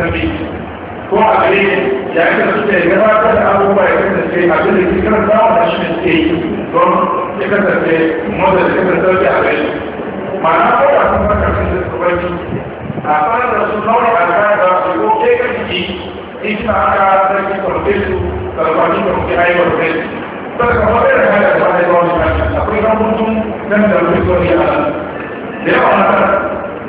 sarki ko a gare ya kasance ya gabatar da abubuwa ya kasance abin da a shi ne don ya kasance motsa da kasance sauki a gare ma'ana ko da sun faka sun da tsabanci a fara da su zaune a gare da su ko ke kan jiki in ta aka sarki kwarfe su karfafi da muke aiwar kai sai ka fara da hanyar da ta haifa wani akwai kan mutum nan da rufe a nan da yawa na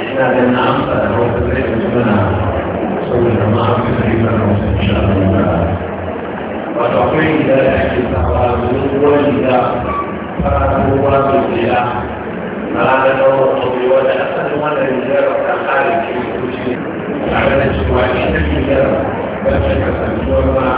إحنا لأن عمسة روح الزيت منها صوب الجماعة في سريبا إن شاء الله وتعطيه لا يحكي التعوام من ولد فهو بالضياء فلا نور قضي ولا أسد ولا رجال كالخارج في كل شيء على نجوى إن الرجال بل شكسا وما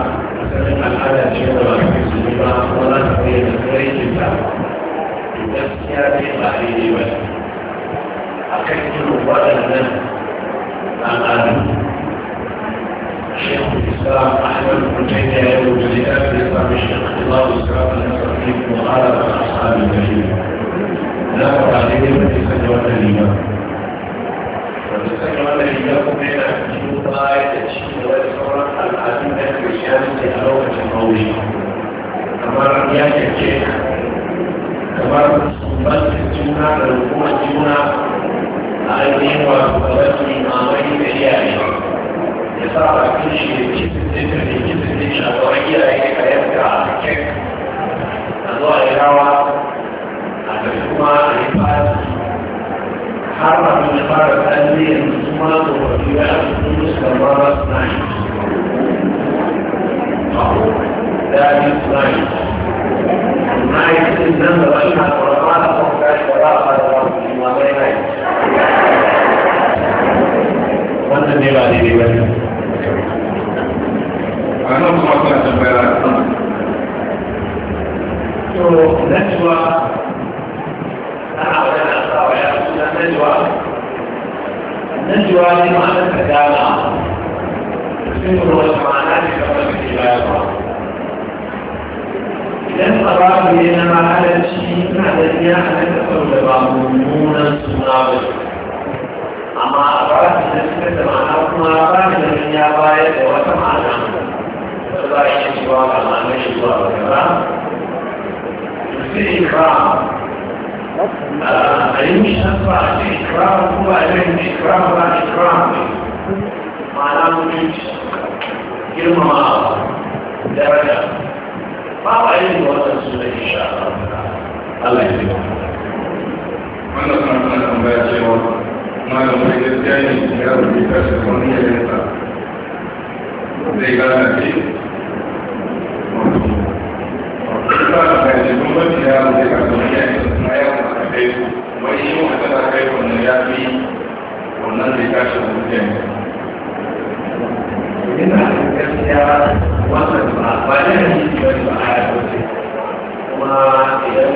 amma idan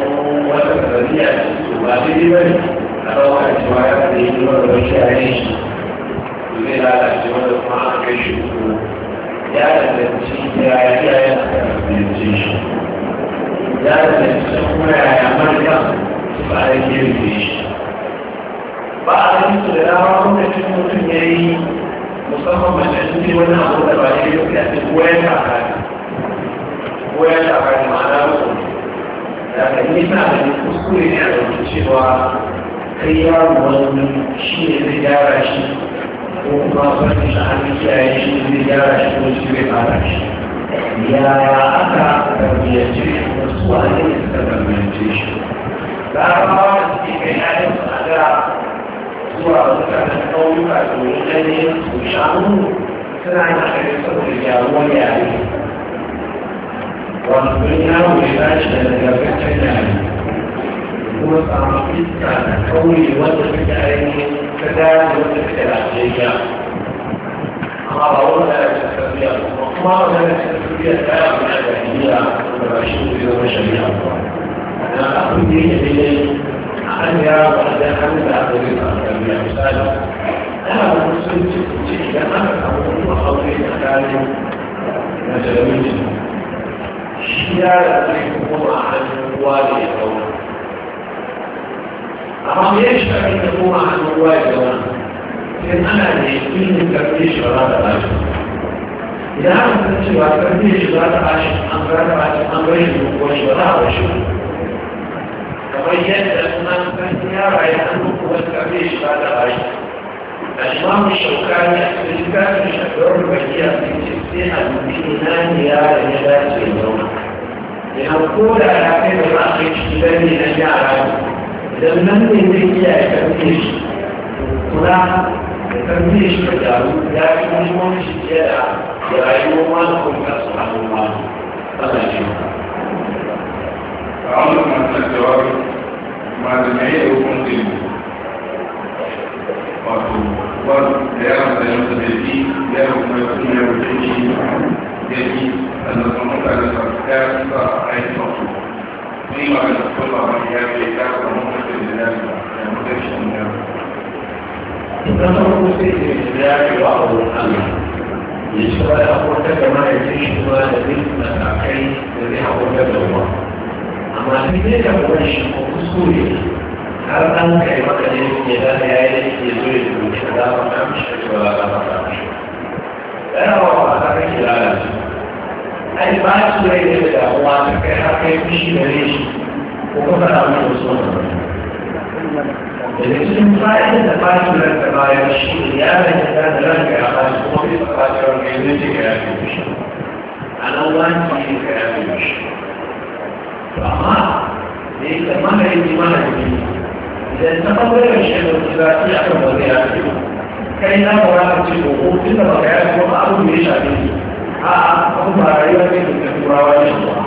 wata tafiya ba daidai ba ne a ɗaukar cewa ya fi yi wanda wani share shi to zai lalace wanda kuma aka kai shi uku ya danganci yaya iyayen aka tafiyance shi ya danganci kuma yaya marika ba a yi shi ba a yi su da dama lokacin mutum ya yi musamman mace sun yi wani abu da ba ya yi ya ce ko ya shafa ko ya shafa ma'ana mutum daga yi sa da kuskure ne a ɗauki cewa kai yaro wani shi ne zai gyara shi ko kuma wani da an kiyaye shi zai gyara shi ko shi zai fara shi ya aka tarbiyyance shi wasu wani ne suka tarbiyyance shi za a ba da suke kai na yin tsada zuwa mutanen ƙauyuka domin ganin su shanu suna yin saboda gyaruwar yare واغفرنا ولباشنا فتحنا وتعطيك على قولي وتفك عليه فلا وتفك عليك قالوا لا تستطيع وقالوا لا تستطيع لا تستطيع وبشر وبشر أنا أخذي إليه أن يرى بعد أن أخذي أخذي أنا أقول سنتي أنا أقول أخذي أخذي أخذي shi yara zai kuma a hannun ruwa da ya zauna amma me ya shafi da kuma a hannun ruwa ya zauna sai ana da yakinin karfe shi ba za ta bashi idan aka san cewa karfe shi ba ta bashi an ba ta bashi an bar shi kuma shi ba za a bar shi kamar yadda sunan karfe yara ya san kuma karfe shi ba ta bashi الإمام الشوكاني في كتابه الأسرار البشرية في ستين المؤمنين يا رجال اليوم لنقول على خير الأخ الذي نجعله لم نمن به تفتيش هنا تفتيش مجال لكن مجموعة الجدع يعلم ما لكم أصحاب الله فلا شيء تعلم أن الجواب ما لم يعيده منزل wato wani da ya da yanzu da shi ya kuma ya wuce shi da shi sannan sun mutane sa ya sa aiki wasu sun magana sun ba ya ke ya kuma mutum da ya sa ya mutum shi ne ya idan kuma mutum da ya ke wa abu Allah ya ci ba da abokan ya mahaifin shi kuma da zai matakai da zai abokan da ruwa amma duk da ya kuma shi ko kuskure har an kai maka ne ke da ya yi da ke zo ya dubi da za mu kamshi da cewa za mu kamshi yana wa wata kan kira da su ai ba su rai ne da damuwa ta kai har kai fushi da ne shi ko kuma na mutu so da ba da cikin fa'idar da ba su rai da bayan shi ne ya rai da ta da ranka ya ba su kuma bai tsaka da ranka ya zai ga ya fi fushi a nan wani ne ga ya fi fushi amma da ya tsammana ya ji mana da لأن قبل الشيء الاتباعي يحكم وزياته كي لا مرافة آه، آه، آه، الوقوف إلا مكان ومعروف لشعبه ها هم رأيوا في الكثورة والشطوة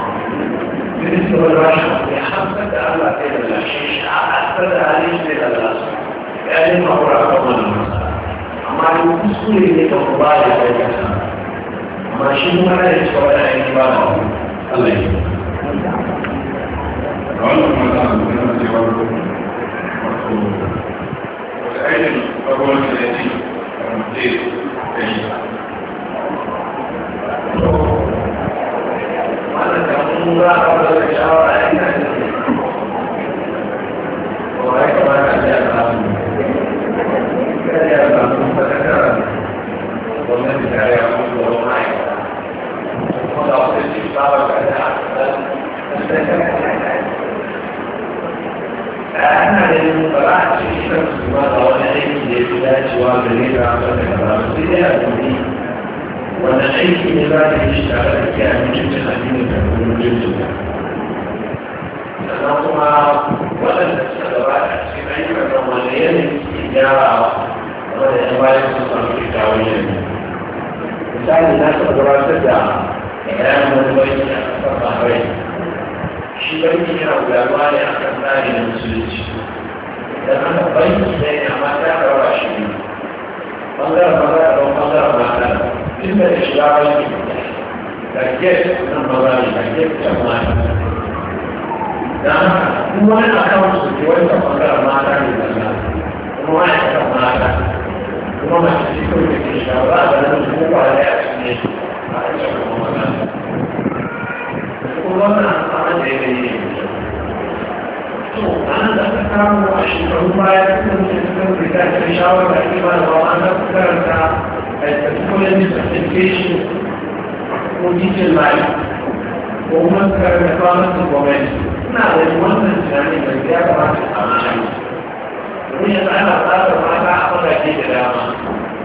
بالنسبة للرشوة يحبت على كيد الشيش أحبت عليه كيد الأسفل لأن مرافة من المسألة أما يوكسوا لي كمبالي في الكثورة ما شيء ما يجب على إجباره الله يجب. والعلم هو الذي يمضي إليه وأن تكون الله mara wani aiki da ya fi dacewa da ne da abin da kaza ba sai dai a duni wani aiki ne za ka yi shi tare da kiyaye mutuncin addinin da kuma mutuncin ka sannan kuma waɗanda suka gabata cikin ayyukan nan wani yanayi suke gyarawa wanda ya bayan sun samu kyakkyawan yanayi misali na taɓa gabatar da bayanin wani banki a ƙasar bahrain shi banki yana gudanarwa ne a kan tsari na musulunci dan an banki ne amma ta rawa shi ne bangaren maza da bangaren mata inda da shiga banki da get nan maza ne da get can mata dan kuma wani akawun su ke wani bangaren mata ne da na kuma wani akawun mata kuma masu cikin da ke shiga ba da nan su kuma da ya ci ne a cikin kuma mata kuma wannan amfani da yanayi ne عند أحكام الشعوبة يكون تكون بذات الإشارة تقريبا وأنا أكثر تكون السبتيفيشن وديت المعين ومنكر مقامة الومان نعم المهم يعني بالجابة عن الأمان ومش أنا أقدر أنا أقدر أجيب الأمان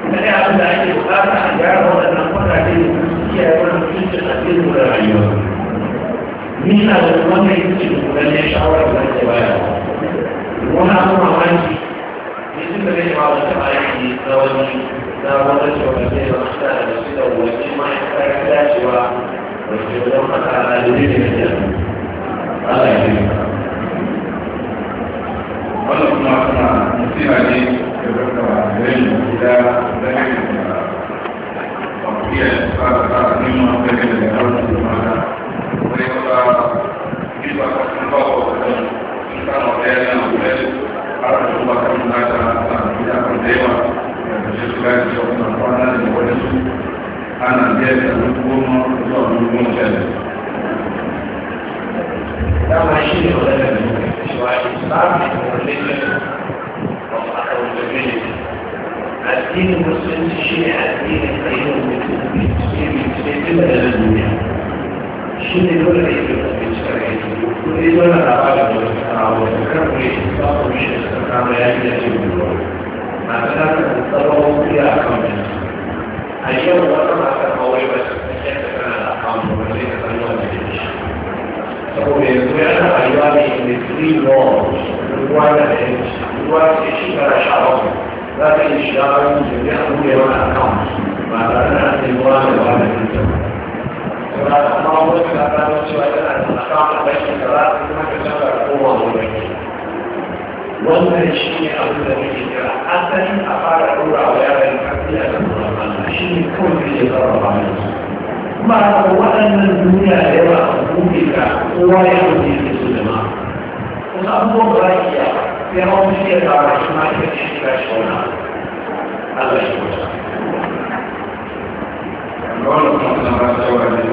أنا أقدر أجيب الأمان أنا أقدر أجيب الأمان أنا أقدر أجيب الأمان ni na da wannan yanci da ne shawara da ke baya wani abu mamaki ne sun da zai ba da ta aiki na wani na wani cewa zai ba ta da shi da wani ma'aikatar dacewa da ke wajen mata a lori da yadda Allah ya yi wannan kuma kuma musiba ne da barka da yin gida da yin da ba ku iya tsara tsara neman da ke da الدين المسلم شيء الدين القيوم بالتسليم بالتسليم الى الدنيا shi ne dole ne ke da bincika ne kudi dole na ba da wani kawo da kan ne ba ku shi da suka kama ya yi da ke gudu na ta ta ta tsawon kudi a kan ne a yau wata mata kawai ba su kashe da kana da kan mu ba zai ka san yawan da ke shi saboda yanzu ya ta rayuwa ne da three laws ruwa da ya ci ruwa ce shekara sha bakwai za ta yi shiga wani jirgin abubuwa wani akawun ba tare da ta yi ruwa da ba da ke wannan shi ne abu da muke kira asali a fara dora wa yaran kafi a kan ramadana shi ne kawai da ya zara ba ne kuma haka waɗannan duniya da yawa a buɗe ka kowa ya buɗe da su da ma kuma abubuwan ba za ki iya sai hawan shi ya fara shi ma ya ci shiga shi wani Allah shi wata. Wannan kuma suna ba ta yawa ne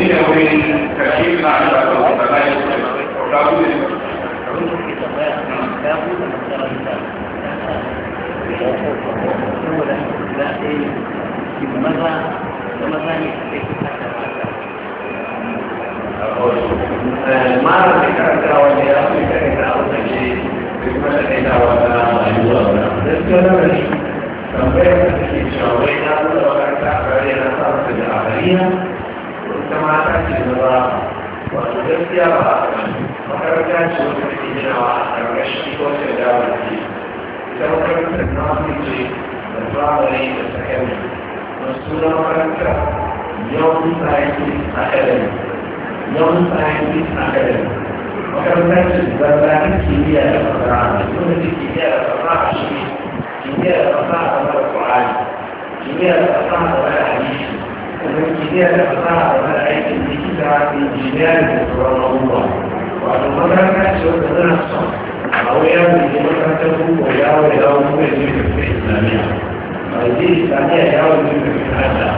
shi ne wani kashi na da da da da ce da da take da tafarki da ba wato gaskiya ba a kan makaranta ce wata ke ginawa a ƙarƙashin kwanciyar dawo da ke ita makarantar na wani ce da firamare da sakami masu na makaranta yawon scientist academy yawon scientist academy makaranta ce da za ta kimiyya da fasaha wanda ke kimiyya da fasaha shi kimiyya da fasaha kamar ƙwari kimiyya da fasaha kamar hadisi الانجليزية الأصناع والعيد الكتاب الجنان والموضوع وأنه كان شوك ذنب صح أو يوم لمكتبه ويوم يوم يجب في الإسلامية ويجي الإسلامية يوم يجب في الحاجة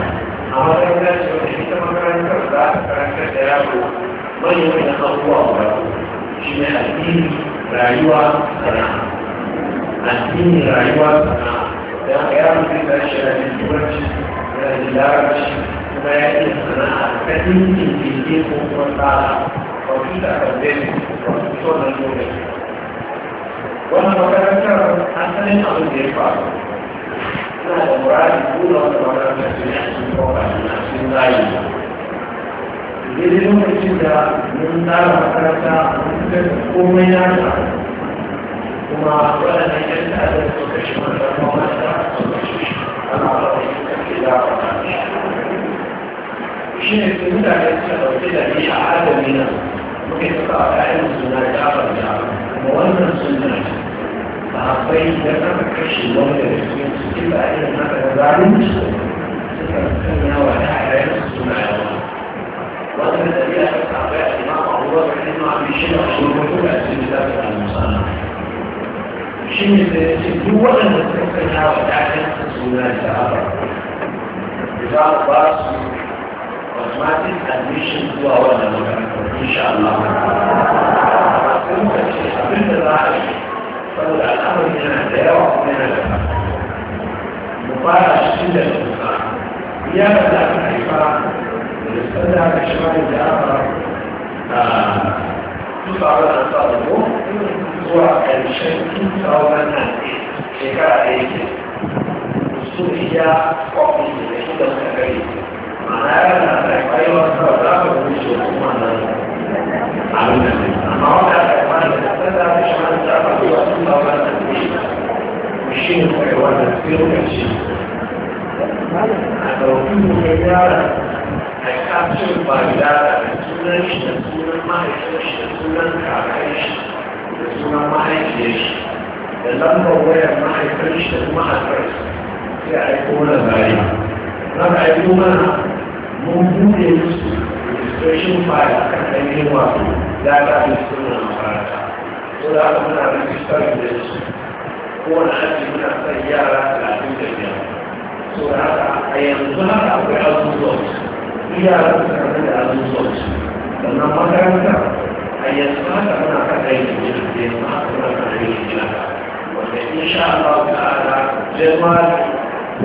أما كان شوك ذنب مكان كرسا فرنسا يوم من يوم يخطوه شنو الدين رأيوه صنعه الدين رأيوه صنعه ده قيام في الأشياء التي العلاج وبيان الصناعة كثير في الدين والطاعة وفي تقدم وصول النور وانا بكرة حسن الأمر يفعل أنا المراد الأولى والمراد الثانية Jadi lokacin da mun tsara makaranta mun kai komai na ta kuma waɗannan yan ta'adar su kashe mata kuma ta su kashe shi ne su mutane suka ɗauke da ni a adami nan muke suka a ƴaƴan suna da shafar da kuma wannan suna ce ba akwai da kaka kashe wanda da su su ji ba irin haka da zalunci suka sanya wa ƴaƴan suna da wannan da ya ta sabai a imamu abubuwa da imamu shi ne a shi ne mutum da su ji za su samu sana'a shi ne da ya ce duk waɗanda suka sanya wa ɗayan suna da haɓa za a ba su automatic admission zuwa wannan makarantar insha Allah sun ka ce abin da za a yi saboda al'amarin yana da yawa kuma yana da fata mu fara shi da kusa ya da za ka haifa da sanda ka shi ma da haɓa a tufa wa da sa da ko zuwa ƙarshen tsawon nan shekara da yake su iya kwafi da shi da suka gari ma'ana ya na da wasu ta za ka wuce kuma nan amma wata aka yi mana da ta da shi mana ta ba zuwa sun tsawon nan ne shi ne kwaiwa da lokaci a ɗauki ne yara a kafin ba da sunan shi da sunan mahaifin shi da sunan kakai shi da sunan mahaifiyar shi da lambar wayar mahaifar shi da kuma haifar sai a aiko mana bari na da aiko mana mun buɗe musu registration file a kan ainihin wato data da suna makaranta ko da aka muna rijistar da su kowane aji muna son yara talatin da biyar so da haka a yanzu haka akwai azuzuwa su yara suka da azuzuwa su sannan makarantar yanzu haka muna kan aikin jirgin yanzu haka muna kan aikin jirgin wanda insha Allah ta'ala January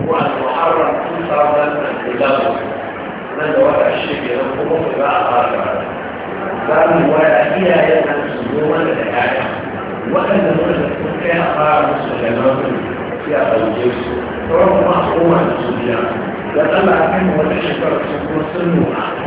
ko al-Muharram 2011 nan da wata shida kuma ku za a fara za mu waya iyayen nan su zo mana da yaya waɗanda wanda sun kai a fara musu da nauyi sai a ɗauke su kuma kuma a koma da su biya da Allah kan wata shekarar sun kuma sun nuna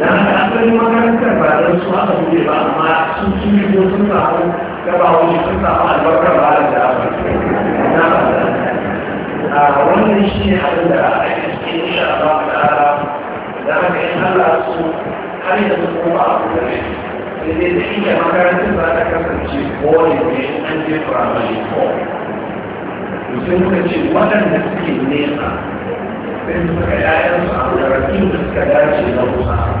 dan haka asalin makarantar ba don su haka suke ba amma su kiri ko sun samu gabawa ne sun samu albarkar ba da jafa na ba wannan shi ne abin da ake cikin insha Allah ta ala da haka in Allah su har yanzu ko ba abu da ne sai dai da inda makarantar za ta kasance ko ne ne an je firamare ko sai muka ce waɗanda suke nesa sai suka yayan su a da suka dace na kusa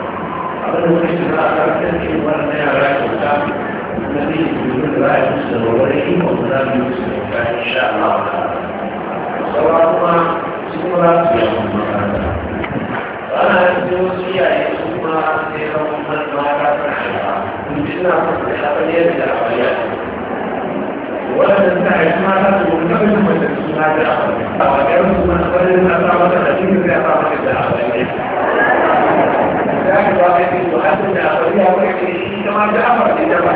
أولا نحن رأى كثير ورنا رأيك النبي يقول رأيك السرورين وقلنا بيوسف إن شاء الله وصوابنا سورة يوم فأنا أتوسي أن يسمى سيرا من ما كان حيا كنا نستحق اليد العمليات ولا نستحق ما نقول نقول ما نقول ما نقول ما نقول ما نقول ما نقول ما نقول ما نقول ما نقول ذاك واحد يؤمن أخريها ويحكي كما جاء أمر في الجماعة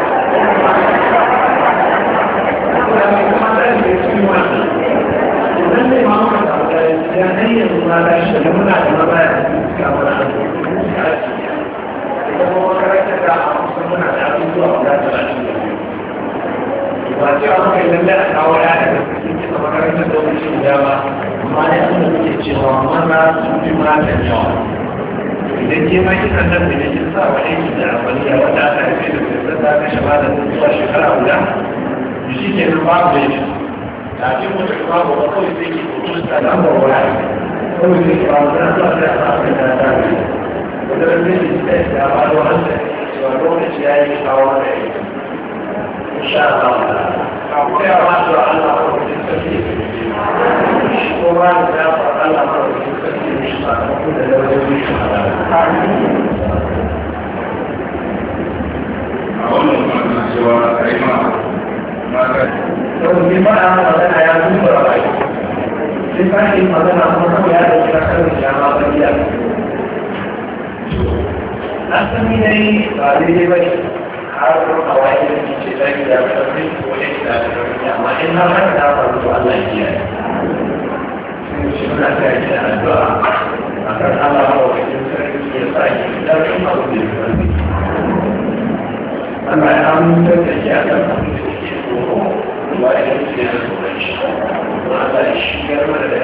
daidai ba ne har kuma wani da ke da yi da sai ko ya gida da rauni amma in na mai ta faru to Allah ya kiyaye shi muna ta yi da addu'a akan Allah ba wa cikin sarki ya sa ki da kuma abu da ya faru Allah an amince da shi a kan abin da ke tsoro kuma ya yi da tsoron shi Allah ta shigar mana da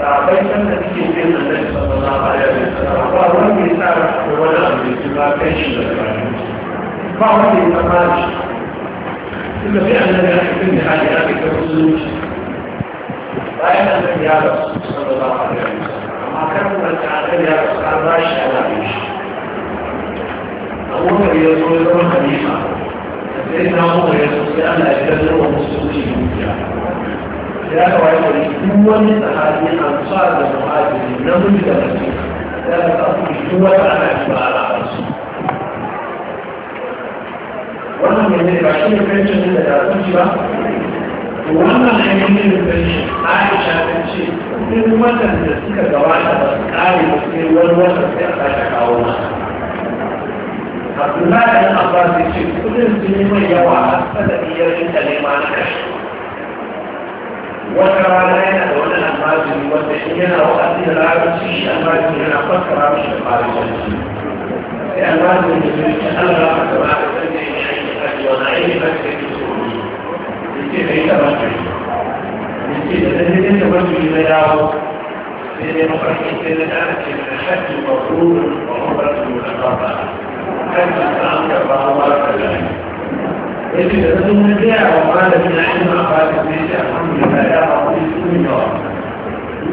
sahabai can da suke bin da zai sama na baya da sana ba wanda ya tsara da wani abu da ba kai shi da rani ba wanda ya tsama shi tun da sai an nan ya fi da hali ya fi karfi zuci bayan ya rasu sama na baya da sana amma kan wanda an nan ya rasu an ba shi ana bin shi abubakar ya zo ya zama halifa da sai na umar ya zo sai ana ya zama musulunci dukiya ya kawai da duk wani sahabi a sa da sahabi na mun da mace ya ka samu duk wata ana shi ba ala su wannan ne ne ba shi ne kai cin da da su ba wannan hanyar da shi Aisha ta ce duk wannan da suka gabata ba su kare ba sai wani wata sai a sake kawo masa Abdullahi Abbas ya ce kudin sun yi mai yawa a sadadiyar inda ne ma na kashi wata rana yana da wani almajiri wanda in yana da larabci shi almajiri yana fassara mishi da larabci sai da zai ce allah ka ba ka san da yake a yau na aiki ba ka yi tsoro ya ce bai taɓa kai ya ce da dalilin da wani yi na dawo sai dai mafarki sai na dara ce da shaƙi ba ko ba ko ba su da ba ba kan ta an karɓa wa ka gani يجب أن نرجع وقال من العلم قال ليس الحمد لله يا رب الدنيا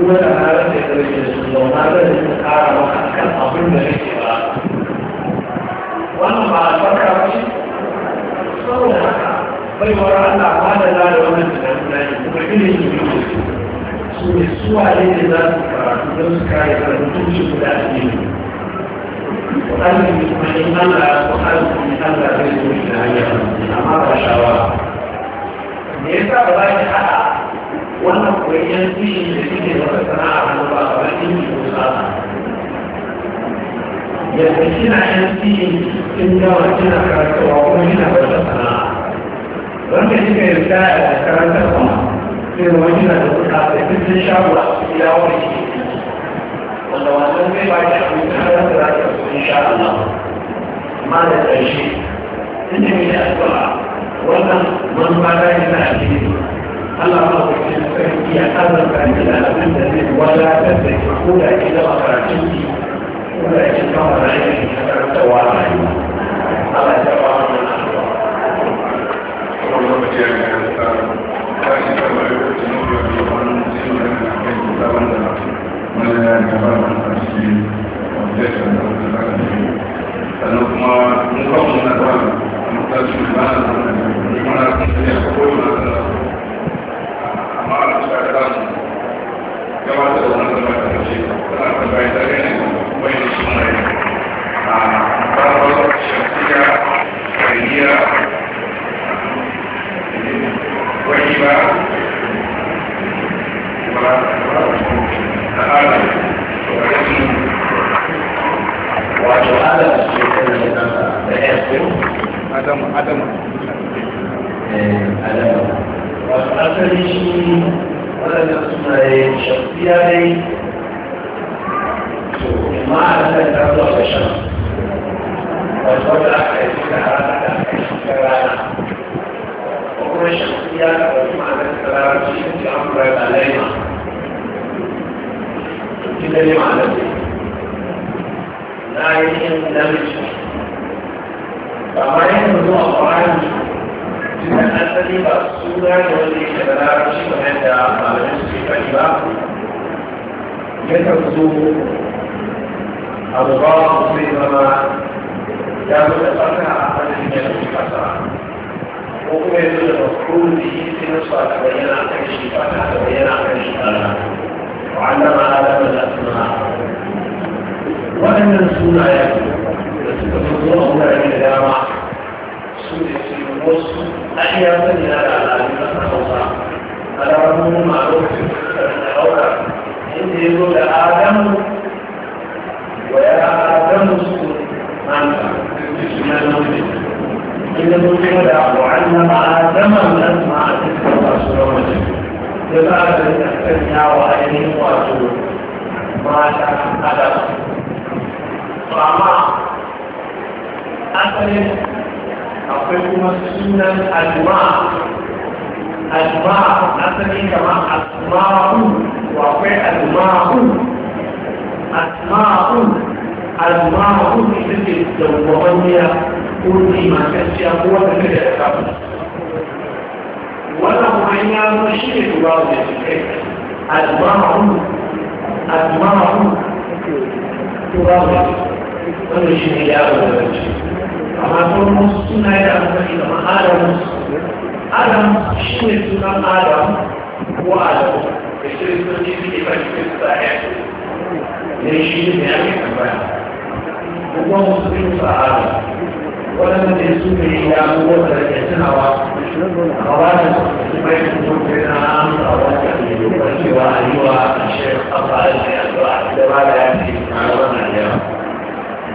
ولا هذا يدرك الرسول وهذا الاستقامة وحتى أظن الاتباع وأما فكرت صورها فيورى أن أعمال لا يؤمن بالأبناء وكل الجنود سوى السوء الذي لا تكره يذكر يذكر يذكر يذكر وأن الله وأن الله يسمح لنا أن أمر شواء ليس بذلك حتى وأن قرية فيه الذين يتبعنا عن الله وأن يسمحنا أن فيه إن وجدنا كرسوا وأمنا وجدنا وأن يجب أن يبدأ كرسوا في وجدنا كرسوا إلى وجهه ولو أنني بعد من ثلاثة إن شاء الله ما لدى شيء إني من أسرع ولا من بعد يتعلم الله أعطي في الفكية هذا الفكية ولا تتكفون إلى أخرى amma yin zuwa ƙwararri jikin asali ba su da wani ke da larabci kamar da malamin su ke kari ba yakan zo abu ba su zai zama ya zo da tsarka a hannun ya zuci kasa ko kuma ya zo da mafuru da yi sinu su a tabayyana kan shi ba ta tabayyana kan shi ba wa'anda ma'adama da suna waɗannan sunayen يكون هناك جامعة سوريا أحيانا إلى العالم الأوسع على أنه معروف إن يقول آدم ويا آدم اسكن أنت إن المسلم وعلم آدم أن أسمع تلك الرسول لبعض الأحسنية وأهلهم وأسول ما شاء الله فأما asalin akwai kuma sunan alma'a alma'a asalin kama asma'u wa akwai alma'u asma'u alma'u ita ce dawwamaniya ko limakasciya ko wata kada ya kafa wannan kuma ya zo shi ne dubawa da shi kai alma'u alma'u dubawa da shi wannan shi ne ya abu da shi amma sauran wasu suna yana amfani da ma'adamu adam shi ne sunan adam ko adam da shi ne sun ji suke ba shi kusa ya ce ne shi ne ya ke tambaya kuma musulmi sa adam waɗanda ne su ne ya abubuwan da ke tunawa a wajen su mai kuma na amsa wata ne da cewa a yi wa a shekafa da ya zuwa da ba da ya ce na wannan yawa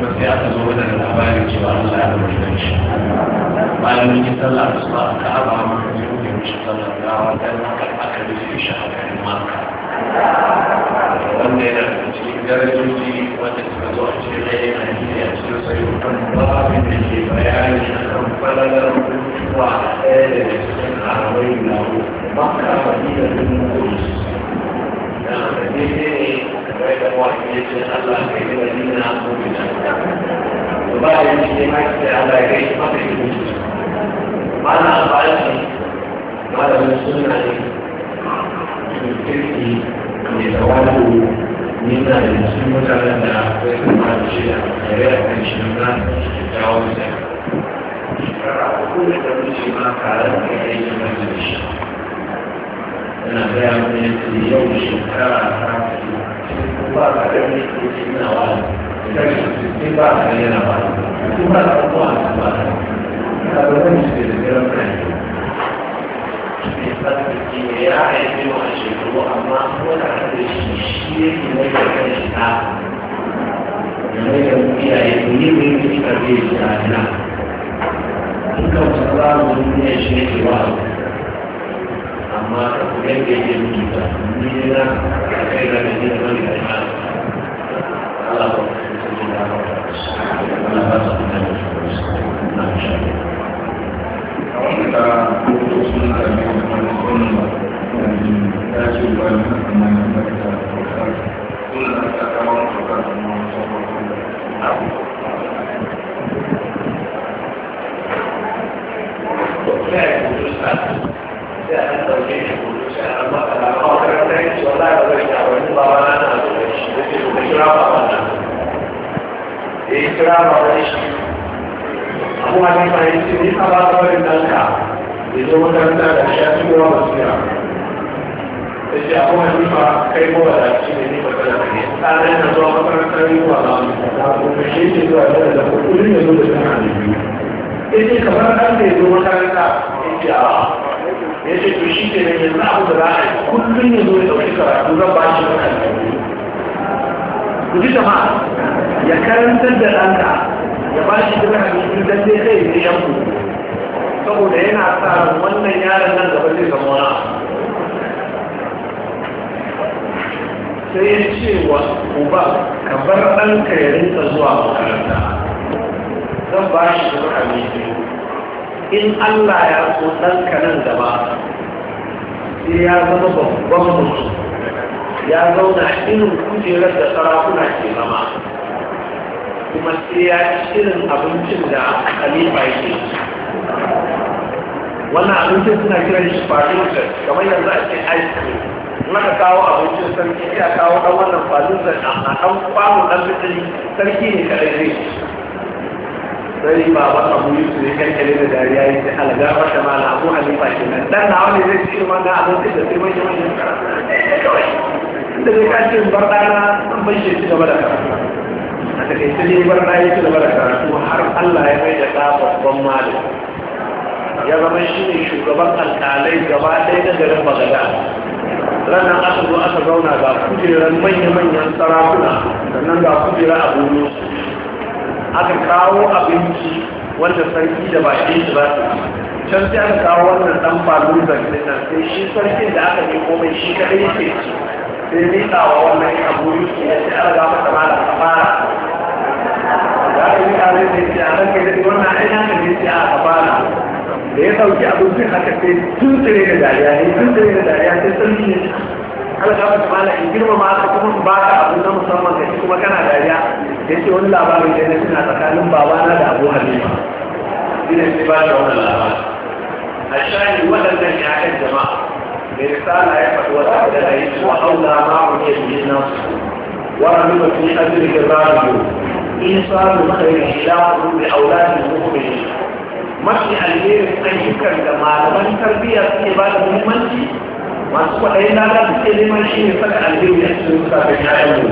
to sai aka zo mana da labarin cewa Allah ya rubuta shi bayan mun yi sallah da su aka aba mun yi rubuta sallah da wannan aka aka rubuta shi a cikin maka zai rana duka samu duniya shi ne ke amma ka kuma yadda yake mutu ta ni na kai da ne da karantar da ɗanka ya ba shi duk hadisin dan dai kai ne ya ku saboda yana sa wannan yaron nan da zai zama sai ya ce wa uba ka bar ɗanka ya rinka zuwa makaranta zan ba shi duk hadisin in Allah ya so ɗanka nan gaba sai ya zama babban mutum ya zauna irin kujerar da sarakuna ke zama kuma sai ya shirin abincin da khalifa yake wannan abincin suna kiran shi fadinsa kamar yanzu a ce ice cream in kawo abincin sarki sai a kawo ɗan wannan fadinsa a ɗan kwano ɗan fitili sarki ne kaɗai zai sai ba ba abu yi su ne kankare da dariya yi sai alaga wata ma na abu halifa ke nan dan na wani zai ci ma na abincin da sai manyan manyan karatu da Inda zai kashe bar sun an bai shi gaba da karatu a takaice ne bar na yi da da karatu har Allah ya mai da ta babban malin ya zama shi ne shugaban alkalai gaba ɗaya na garin bagada ranar aka zo aka zauna ga kujerar manya-manyan sarakuna sannan ga kujera a gono aka kawo abinci wanda sarki da ba shi ba su can sai aka kawo wannan dan falun zargin nan sai shi sarkin da aka nemo mai shi kadai yake sai nisa wa wannan abu yusuf ya ce aka gama kamar a fara ya da a kafara da ya sauki abincin haka sai tun tsire da dariya ne tun tsire da dariya sai sun da mala in girma ma kuma ba ka abu na musamman da kuma kana dariya ya wani labarin da na suna tsakanin babana da abu halima ina ce ba da wannan labarin a shani waɗannan ya'yan jama'a mai risala ya faɗi wata da na yi wa haula ma'amuyar yi nasu ورغب في أجر الراديو إيصال مخرج إلى قلوب أولاد المؤمنين mafi alherin ayyukan da malaman tarbiyya suke ba da muhimmanci masu kwaɗayin lada su ke neman shi ne saka alherin ya su suka ga yayan mu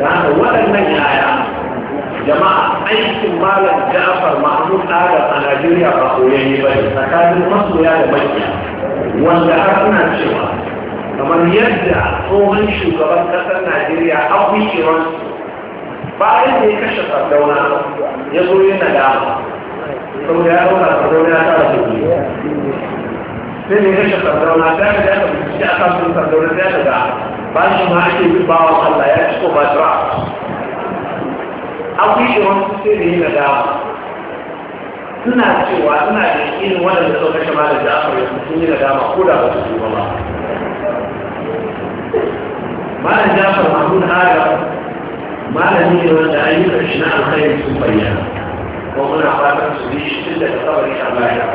da haka waɗannan yaya jama'a aikin malam ja'afar mahmud adam a najeriya ba koyayye ba ne tsakanin masoya da makiya wanda har suna cewa kamar yadda tsohon shugaban ƙasar najeriya abu kiransu bayan da ya kashe sardauna ya zo yin nadama saboda ya zauna sardauna ya tara da biyu sai ne kashe sardauna ta yi da aka bincike a kafin sardauna ta yi da ba shi ma ake yi bawa Allah ya ci ko ba jira akwai irin sai ne na dama. suna cewa suna da irin waɗanda suka kashe malam Ja'far ya sun yi dama ko da ba su ba malam Ja'far Mahmud Adam malami ne wanda ayyukan shi na alkhairi sun bayyana ko muna fatan su bi shi tun daga kabari a baya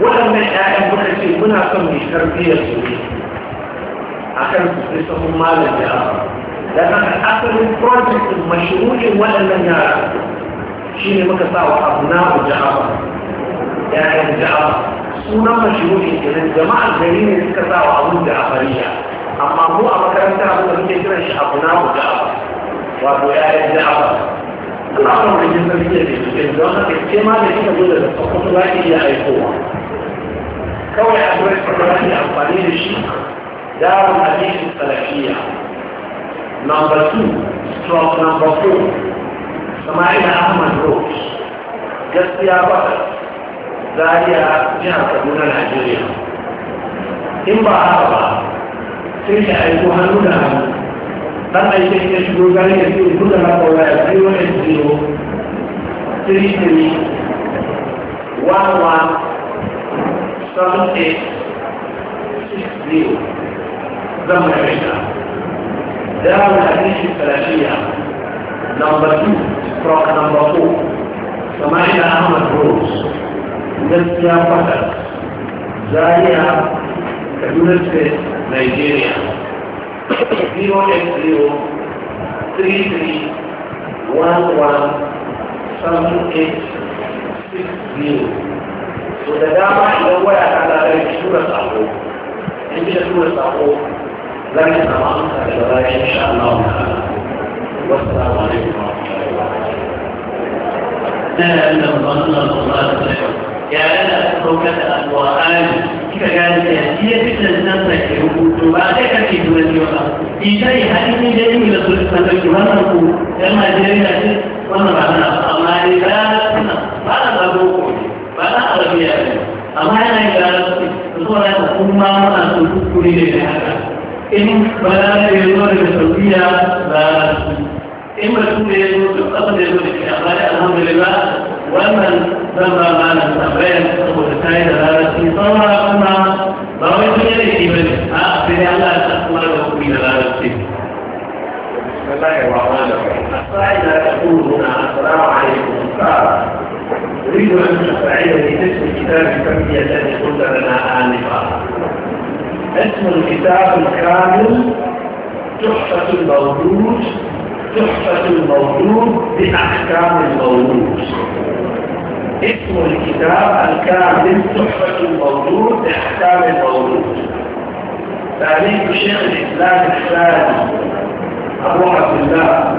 waɗannan ƴaƴan muka ce muna son mai tarbiyyar su ne a kan su sai sahun malam da da haka asalin project din mashru'in waɗannan yara shi ne muka sa wa abu na ku ja'aba ƴaƴan ja'aba sunan mashru'in kenan jama'ar gari ne suka sa wa abun ja'abariya amma mu a makaranta abin da muke kiran shi abu na ku ja'aba وأولئك الأعظم الأعظم بالنسبة لي بالنسبة احتمال أن يقول لك الصلاة هي أيقوة كون أدوية الصلاة أمطاني للشيء دار الحديث السلفية نمبر 2 ستروك نمبر 4 سماعنا أحمد روش جسيا بطل زاريا جهة كبيرة نيجيريا إن بقى هذا سيجي أيقوة نونا sannan shi ne shigo gari da ke kudu na kawai a tsayi wani zero three three one one seven eight six zero zan mai rika dawo da hadisi salafiya number two from number four samari da ahmad rose gaskiya fadar zaria kaduna state nigeria so da dama idan waya ta lalari tura sako in ta tura sako za ki samu amsa daga baya insha Allah wa ta'ala wassalamu alaikum wa rahmatullahi wa barakatuh. Na yanda Allah ya yana saukar da alƙur'ani ka gane ya shi ya fi lantan sa ke rubutu ba kai ka ke dole ne ba ita ne hali ne da yin da su ka ɗauki wannan ku yan najeriya ce wannan ba na amma ne ba na ba na ba boko ne ba na arabiya ne amma yana yi gara su su so na kuma muna so kuskure ne da haka in ba na da yanzu da sauƙiya ba in ba su da yanzu da ƙasa da yanzu da ke amma da alhamdulillah wannan zan ba ma na tambayar saboda ta yi da rana اسم الكتاب الكافي الذي قلت لنا آنفا اسم الكتاب الكامل تحفة الموجود تحفة الموجود بأحكام الموجود اسم الكتاب الكامل تحفة الموجود بأحكام الموجود تعليق شيخ الإسلام الثاني أبو عبد الله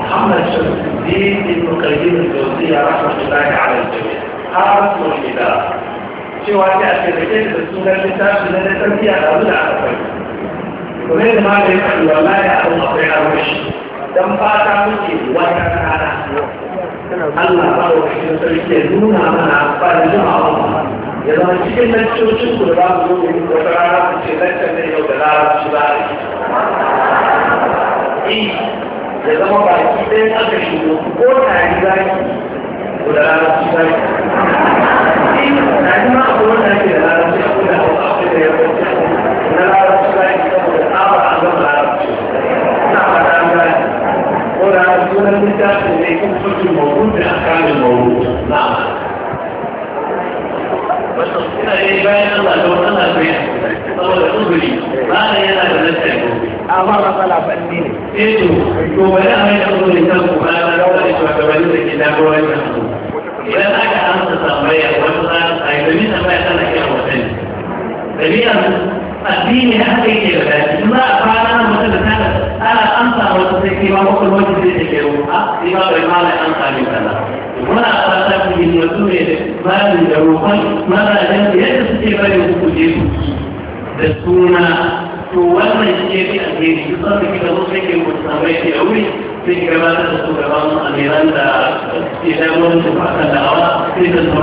محمد شمس الدين ابن قيم الجوزية رحمة الله على الجميع hasu shida cewa ta ce da ke da sunan littafi na tafiya da wani a kafai kuma yadda ma da ya faɗi wallahi a kan akwai armashi don fata muke wata rana Allah ba wa shi sarki ya nuna mana ba da jima'a ya zama cikin lancocin ku da ba mu zo da wata rana ku ce lantar ne yau da shi ba a eh, ya zama baki ɗaya aka shigo ko tari zaki da larabci ba ne. Na ji ma abubuwan da ake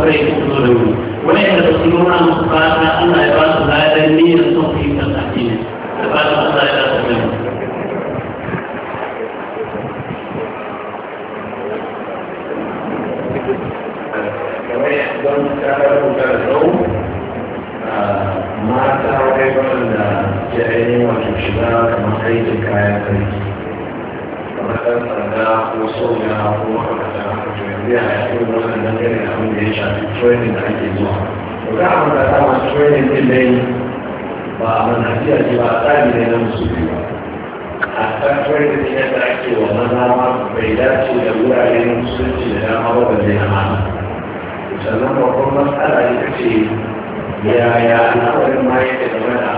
rai kuma da wuri wa'anda ba su nuna musu fata Allah ya ba su ladan niyyar son su yi tsarki ne da fata Allah ya ba su gani don karar da rau mata wajen da ya ainihin wato shiga kamar aikin kayan sarki ɗan sanda ko soja ko makamata to yanzu a cikin wannan dangane da abin da ya shafi training da ake zuwa to ka a mata ta masu training din dai ba a manhajiya ce ba a tsari ne na musu biyu ba a kan training din yadda ake wa maza ma bai dace da wurare na musulunci da dama ba ba zai amana sannan babban matsala ita ce ya yaya al'amarin ma yake game da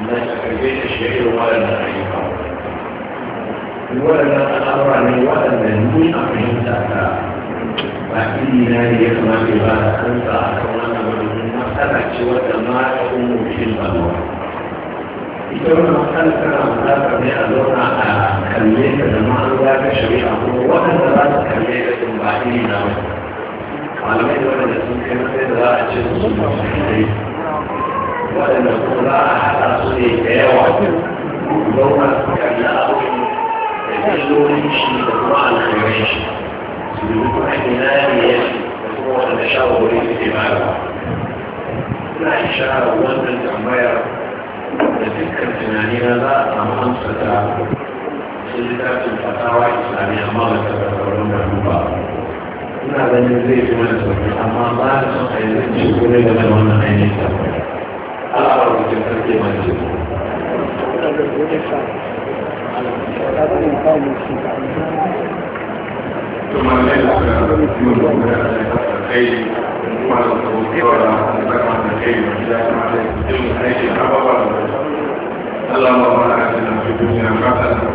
na karfe shi irin waɗannan ayyuka waɗannan al'amura ne waɗanda ni a fahimta ta ba iri na ne ya kamata ba da kansa a kan wannan wani matsala ce wadda ma ta umu cikin balwa ita wannan matsala tana buƙatar ne a zauna a kalle ta da ma'aura ta shari'a kuma waɗanda za su kalle da sun ba iri na ba malamai da waɗanda sun kai matsayi da za a ce sun ba su kai waɗanda kuma za a haɗa su ne da yawa zauna su kalli abubuwan الناس دول يمشي مجموعة الخيرية بيكون احتمالية مجموعة التشاور الاجتماعي لا إشارة وزن التعمير تذكر ثمانين لا أم خمسة سلسلة الفتاوى الإسلامية مرة تتكلم ثم الليل على الجنود ومنع الخيل وعلى الضرورة ومنع الخيل وإلى سمعنا الجنود حيث حبضا اللهم ربنا آتنا في الدنيا حسنة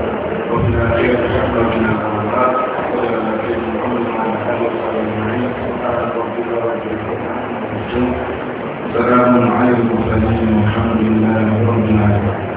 وفي الآخرة حسنة وقنا عذاب النار صلى الله عليه محمد سبحان ربك رب العزة عما سلام على المرسلين والحمد لله